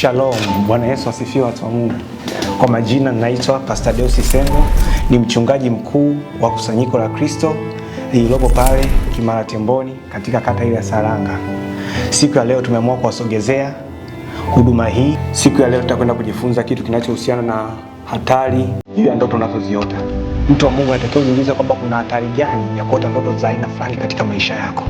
Shalom, Bwana Yesu asifiwe watu wa Mungu. Kwa majina naitwa Pastor Deus Sengo, ni mchungaji mkuu wa kusanyiko la Kristo lililopo pale Kimara Temboni katika kata ile ya Saranga. Siku ya leo tumeamua kuwasogezea huduma hii. Siku ya leo tutakwenda kujifunza kitu kinachohusiana na hatari juu ya ndoto unazoziota. Mtu wa Mungu anatakiwa kujiuliza kwamba kuna hatari gani ya kuota ndoto za aina fulani katika maisha yako.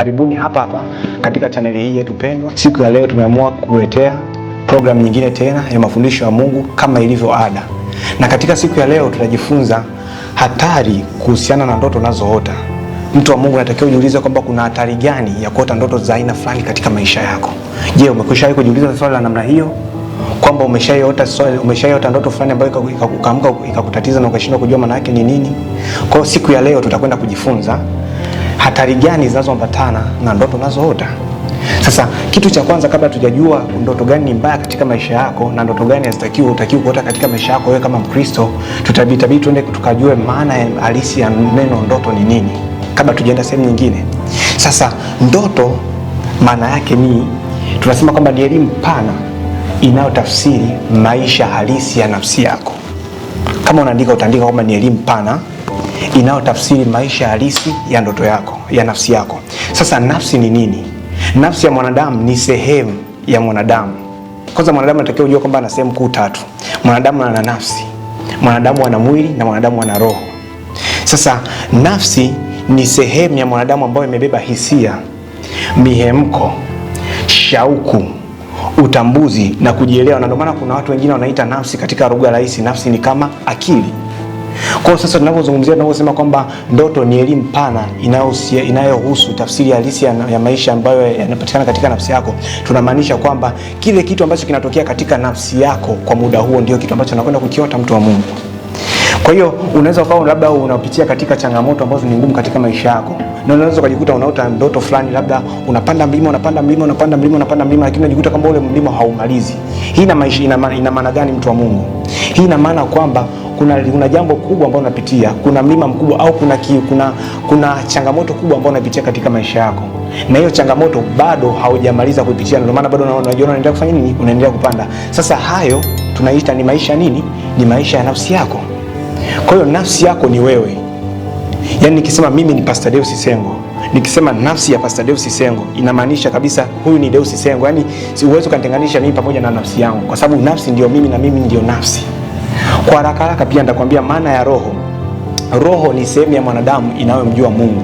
Karibuni hapa hapa katika chaneli hii yetu pendwa. Siku ya leo tumeamua kuletea programu nyingine tena ya mafundisho ya Mungu kama ilivyo ada, na katika siku ya leo tutajifunza hatari kuhusiana na ndoto unazoota. Mtu wa Mungu anatakiwa ujiulize kwamba kuna hatari gani ya kuota ndoto za aina fulani katika maisha yako. Je, umekwishawahi kujiuliza swali la namna hiyo, kwamba umeshaiota swali, umeshaiota ndoto fulani ambayo ikakukamka ikakutatiza na ukashindwa kujua maana yake ni nini? Kwa siku ya leo tutakwenda kujifunza hatari gani zinazoambatana na ndoto unazoota. Sasa kitu cha kwanza, kabla tujajua ndoto gani ni mbaya katika maisha yako na ndoto gani hazitakiwi utakiwi kuota katika maisha yako wewe kama Mkristo, tutabitabidi tuende tukajue maana halisi ya neno ndoto ni nini, kabla tujaenda sehemu nyingine. Sasa ndoto maana yake ni tunasema kwamba ni elimu pana inayotafsiri maisha halisi ya nafsi yako. Kama unaandika utaandika kwamba ni elimu pana inayotafsiri maisha halisi ya ndoto yako ya nafsi yako. Sasa nafsi ni nini? Nafsi ya mwanadamu ni sehemu ya mwanadamu. Kwanza mwanadamu anatakiwa ujue kwamba ana sehemu kuu tatu. Mwanadamu ana nafsi, mwanadamu ana mwili na mwanadamu ana roho. Sasa nafsi ni sehemu ya mwanadamu ambayo imebeba hisia, mihemko, shauku, utambuzi na kujielewa, na ndio maana kuna watu wengine wanaita nafsi katika lugha rahisi, nafsi ni kama akili. Kwa sasa tunavyozungumzia, tunavyosema kwamba ndoto ni elimu pana inayohusu tafsiri halisi ya, ya maisha ambayo yanapatikana katika nafsi yako, tunamaanisha kwamba kile kitu ambacho kinatokea katika nafsi yako kwa muda huo ndio kitu ambacho anakwenda kukiota mtu wa Mungu. Kwa hiyo unaweza ukawa labda unapitia katika changamoto ambazo ni ngumu katika maisha yako, na unaweza ukajikuta unaota ndoto fulani, labda unapanda mlima, unapanda mlima, unapanda mlima, unapanda mlima, lakini unajikuta kwamba ule mlima haumalizi. Hii ina maana gani, mtu wa Mungu? Hii ina maana kwamba kuna, kuna jambo kubwa ambalo unapitia, kuna mlima mkubwa au kuna, kuna, kuna changamoto kubwa ambayo unapitia katika maisha yako, na hiyo changamoto bado haujamaliza kuipitia, ndio maana bado unajiona unaendelea kufanya nini, unaendelea kupanda. Sasa hayo tunaita ni maisha nini? Ni maisha ya nafsi yako. Kwa hiyo nafsi yako ni wewe. Yaani nikisema mimi ni Pastor Deus Sengo, nikisema nafsi ya Pastor Deus Sengo inamaanisha kabisa huyu ni Deus Sengo. Yani, si uwezo ukanitenganisha mimi pamoja na nafsi yangu, kwa sababu nafsi ndio mimi na mimi ndio nafsi. Kwa haraka haraka pia nitakwambia maana ya roho. Roho ni sehemu ya mwanadamu inayomjua Mungu,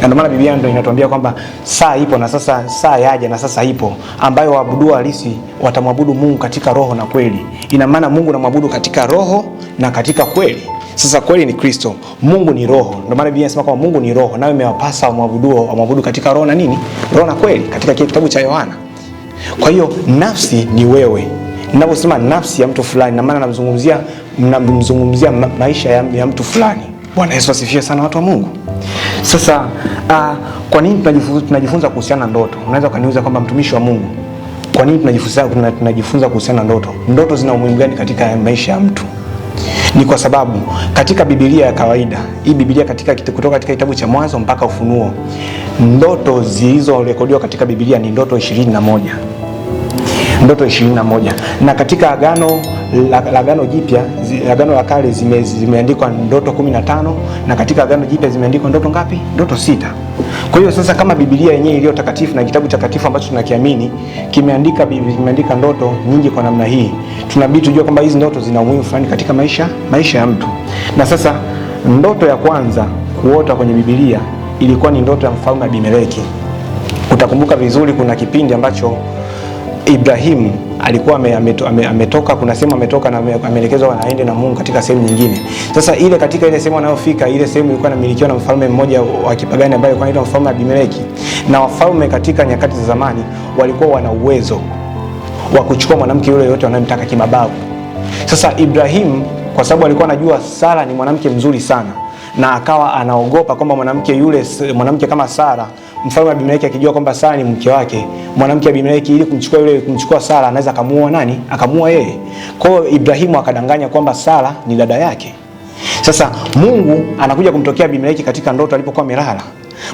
na ndio maana Biblia ndio inatuambia kwamba saa ipo na sasa saa yaja na sasa ipo, ambayo waabudu halisi watamwabudu Mungu katika roho na kweli. Ina maana Mungu namwabudu katika roho na katika kweli. Sasa kweli ni Kristo, Mungu ni roho. Ndio maana Biblia inasema kwamba Mungu ni roho, nawe imewapasa wamwabudu wamwabudu katika roho na nini, roho na kweli, katika kile kitabu cha Yohana. Kwa hiyo nafsi ni wewe Ninaposema nafsi ya mtu fulani, na maana namzungumzia, mnamzungumzia maisha ya, ya mtu fulani. Bwana Yesu asifiwe sana, watu wa Mungu. Sasa uh, kwa nini tunajifunza kuhusiana na ndoto? Unaweza ukaniuliza kwamba mtumishi wa Mungu, kwa nini tunajifunza kuhusiana na ndoto? Ndoto zina umuhimu gani katika maisha ya mtu? Ni kwa sababu katika Biblia ya kawaida hii Biblia katika, kutoka katika kitabu cha Mwanzo mpaka Ufunuo, ndoto zilizorekodiwa katika Biblia ni ndoto ishirini na moja ndoto 21 na katika agano la agano jipya agano la kale zime, zimeandikwa ndoto 15 na katika agano jipya zimeandikwa ndoto ngapi? Ndoto sita. Kwa hiyo sasa, kama Biblia yenyewe iliyo takatifu na kitabu takatifu ambacho tunakiamini kimeandika kimeandika ndoto nyingi kwa namna hii, tunabidi tujue kwamba hizi ndoto zina umuhimu fulani katika maisha maisha ya mtu. Na sasa ndoto ya kwanza kuota kwenye Biblia ilikuwa ni ndoto ya mfalme Abimeleki. Utakumbuka vizuri, kuna kipindi ambacho Ibrahim alikuwa ame, ame, ametoka kuna sehemu ametoka na ameelekezwa aende na Mungu katika sehemu nyingine. Sasa ile katika ile sehemu anayofika, ile sehemu ilikuwa inamilikiwa na mfalme mmoja wa kipagani ambaye alikuwa anaitwa mfalme Abimeleki, na wafalme katika nyakati za zamani walikuwa wana uwezo wa kuchukua mwanamke yule yote wanayemtaka kimabavu. Sasa Ibrahim, kwa sababu alikuwa anajua Sara ni mwanamke mzuri sana, na akawa anaogopa kwamba mwanamke yule mwanamke kama Sara mfalme Abimeleki akijua kwamba Sara ni mke wake, mwanamke Abimeleki, ili kumchukua yule kumchukua Sara anaweza akamuoa nani? Akamuoa yeye. Kwa hiyo Ibrahimu akadanganya kwamba Sara ni dada yake. Sasa Mungu anakuja kumtokea Abimeleki katika ndoto alipokuwa amelala.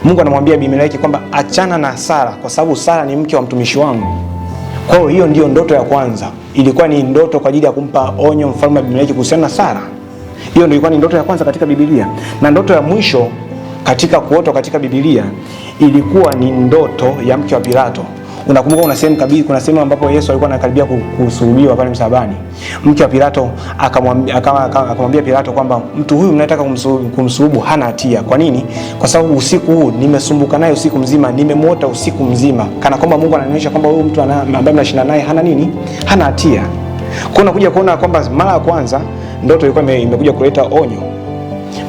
Mungu anamwambia Abimeleki kwamba achana na Sara kwa sababu Sara ni mke wa mtumishi wangu. Kwa hiyo hiyo ndiyo ndoto ya kwanza. Ilikuwa ni ndoto kwa ajili ya kumpa onyo mfalme Abimeleki kuhusiana na Sara. Hiyo ndio ilikuwa ni ndoto ya kwanza katika Biblia. Na ndoto ya mwisho katika kuoto katika Biblia ilikuwa ni ndoto ya mke wa Pilato. Unakumbuka kuna sehemu kabisa, kuna sehemu ambapo Yesu alikuwa anakaribia kusulubiwa pale msalabani. Mke wa Pilato akamwambia Pilato kwamba mtu huyu mnataka kumsulubu hana hatia. Kwa nini? Kwa sababu usiku huu nimesumbuka naye usiku mzima, nimemwota usiku mzima, kana kwamba Mungu ananionyesha kwamba huyu mtu ambaye mnashinda naye hana nini, hana hatia. Kwa unakuja kuona kwamba mara ya kwanza ndoto ilikuwa imekuja kuleta onyo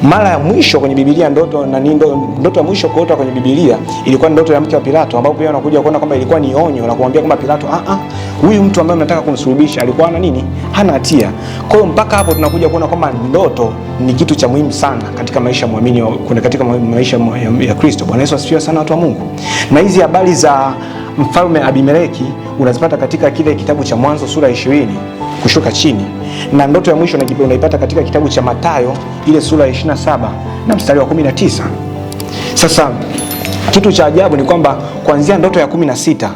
mara ya mwisho kwenye Biblia ndoto na ndoto, ndoto ya mwisho kuota kwenye Biblia ilikuwa ndoto ya mke wa Pilato, ambapo pia anakuja kuona kwamba ilikuwa ni onyo la kumwambia kwamba Pilato, ah ah, huyu mtu ambaye mnataka kumsulubisha alikuwa ana nini? Hana hatia. Kwa hiyo mpaka hapo tunakuja kuona kwamba ndoto ni kitu cha muhimu sana katika maisha ya muamini, katika maisha ya Kristo. Bwana Yesu asifiwe sana, watu wa Mungu. Na hizi habari za mfalme Abimeleki unazipata katika kile kitabu cha Mwanzo sura 20 kushuka chini, na ndoto ya mwisho unaipata katika kitabu cha matayo ile sura ya 27 na mstari wa 19. Sasa kitu cha ajabu ni kwamba kuanzia ndoto ya 16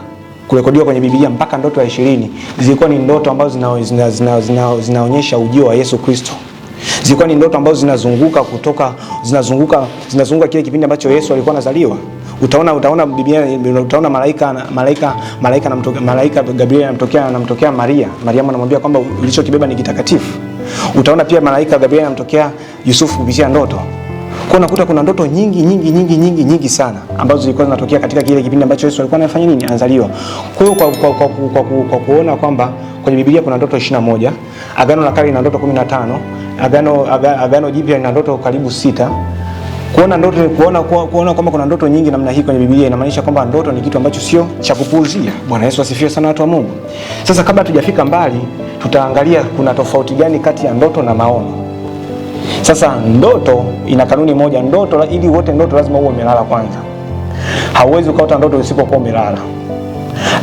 kurekodiwa kwenye Biblia mpaka ndoto ya ishirini zilikuwa ni ndoto ambazo zinaonyesha zina, zina, zina, zina ujio wa Yesu Kristo zilikuwa ni ndoto ambazo zinazunguka kutoka zinazunguka zinazunguka kile kipindi ambacho Yesu alikuwa anazaliwa. Utaona utaona Biblia utaona malaika malaika malaika anamtokea malaika Gabriel anamtokea anamtokea Maria. Maria anamwambia kwamba ulichokibeba ni kitakatifu. Utaona pia malaika Gabriel anamtokea Yusufu kupitia ndoto. Kwa unakuta kuna ndoto nyingi nyingi nyingi nyingi nyingi sana ambazo zilikuwa zinatokea katika kile kipindi ambacho Yesu alikuwa anafanya nini? Anazaliwa. Kwa hiyo kwa, kwa, kwa, kwa, kwa, kwa kuona kwamba kwenye Biblia kuna ndoto 21, Agano la Kale lina ndoto 15, Agano Agano, agano Jipya lina ndoto karibu sita Kuona ndoto, kuona kuona kwamba kuna ndoto nyingi namna hii kwenye Biblia inamaanisha kwamba ndoto ni kitu ambacho sio cha kupuuzia. Bwana Yesu asifiwe sana, watu wa Mungu. Sasa kabla tujafika mbali, tutaangalia kuna tofauti gani kati ya ndoto na maono. Sasa ndoto ina kanuni moja, ndoto ili uote ndoto lazima uwe umelala kwanza. Hauwezi ukaota ndoto usipokuwa umelala.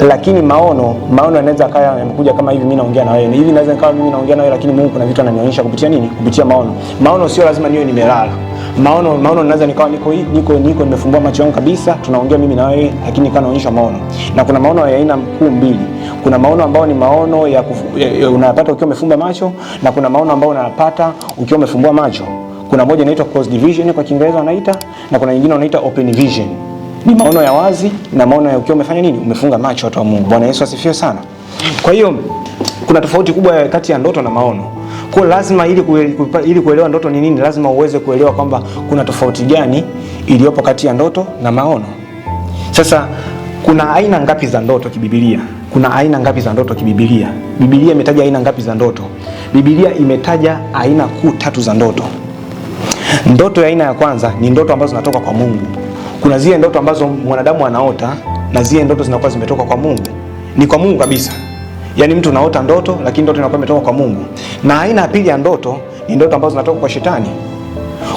Lakini maono, maono yanaweza kaya yamekuja kama hivi, mimi naongea na wewe hivi, naweza nikawa mimi naongea na wewe, lakini Mungu kuna vitu ananionyesha kupitia nini? Kupitia maono. Maono sio lazima niwe nimelala. Maono, maono naweza nikawa niko hii niko niko nimefumbua macho yangu kabisa, tunaongea mimi na wewe, lakini nikawa naonyesha maono. Na kuna maono ya aina kuu mbili. Kuna maono ambayo ni maono ya, ya, ya unayapata ukiwa umefumba macho na kuna maono ambayo unayapata ukiwa umefumbua macho. Kuna moja inaitwa closed vision kwa Kiingereza wanaita, na kuna nyingine wanaita open vision ni maono ya wazi na maono ya ukiwa umefanya nini, umefunga macho, watu wa Mungu. Bwana Yesu asifiwe sana. Kwa hiyo kuna tofauti kubwa kati ya ndoto na maono. Kwa lazima ili, kue, ili kuelewa ndoto ni nini, lazima uweze kuelewa kwamba kuna tofauti gani iliyopo kati ya ndoto na maono. Sasa kuna aina ngapi za ndoto kibibilia? Kuna aina ngapi za ndoto kibibilia? Biblia imetaja aina ngapi za ndoto? Biblia imetaja aina kuu tatu za ndoto. Ndoto ya aina ya kwanza ni ndoto ambazo zinatoka kwa Mungu kuna zile ndoto ambazo mwanadamu anaota na zile ndoto zinakuwa zimetoka kwa Mungu, ni kwa Mungu kabisa. Yaani mtu anaota ndoto, lakini ndoto inakuwa imetoka kwa Mungu. Na aina ya pili ya ndoto ni ndoto ambazo zinatoka kwa shetani.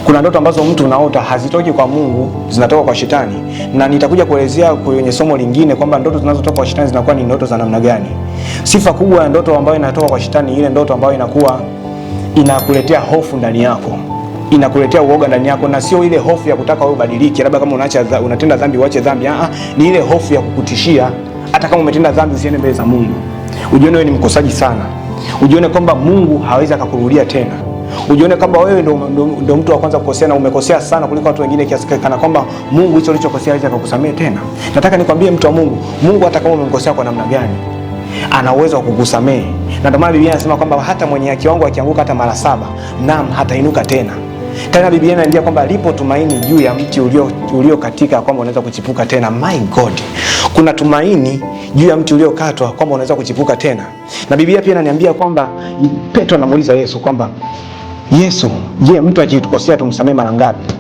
Kuna ndoto ambazo mtu unaota hazitoki kwa Mungu, zinatoka kwa shetani, na nitakuja kuelezea kwenye somo lingine kwamba ndoto zinazotoka kwa shetani zinakuwa ni ndoto za namna gani. Sifa kubwa ya ndoto ambayo inatoka kwa shetani, ile ndoto ambayo inakuwa inakuletea hofu ndani yako inakuletea uoga ndani yako, na sio ile hofu ya kutaka wewe ubadilike, labda kama unaacha unatenda dhambi uache dhambi. Ah, ni ile hofu ya kukutishia, hata kama umetenda dhambi usiende mbele za Mungu, ujione wewe ni mkosaji sana, ujione kwamba Mungu hawezi akakurudia tena, ujione kwamba wewe ndo, ndo, ndo mtu wa kwanza kukosea na umekosea sana kuliko watu wengine kiasi kana kwamba Mungu hicho ulichokosea hawezi akakusamea tena. Nataka nikwambie mtu wa Mungu, Mungu hata kama umemkosea kwa namna gani ana uwezo wa kukusamehe, na ndio maana Biblia inasema kwamba hata mwenye haki wangu akianguka hata mara saba, naam, hatainuka tena. Tena Biblia inaambia kwamba lipo tumaini juu ya mti uliokatika ulio kwamba unaweza kuchipuka tena. My God, kuna tumaini juu ya mti uliokatwa kwamba unaweza kuchipuka tena. Na Biblia pia inaniambia kwamba Petro anamuuliza Yesu kwamba Yesu, je, mtu akitukosea tumsamee mara ngapi?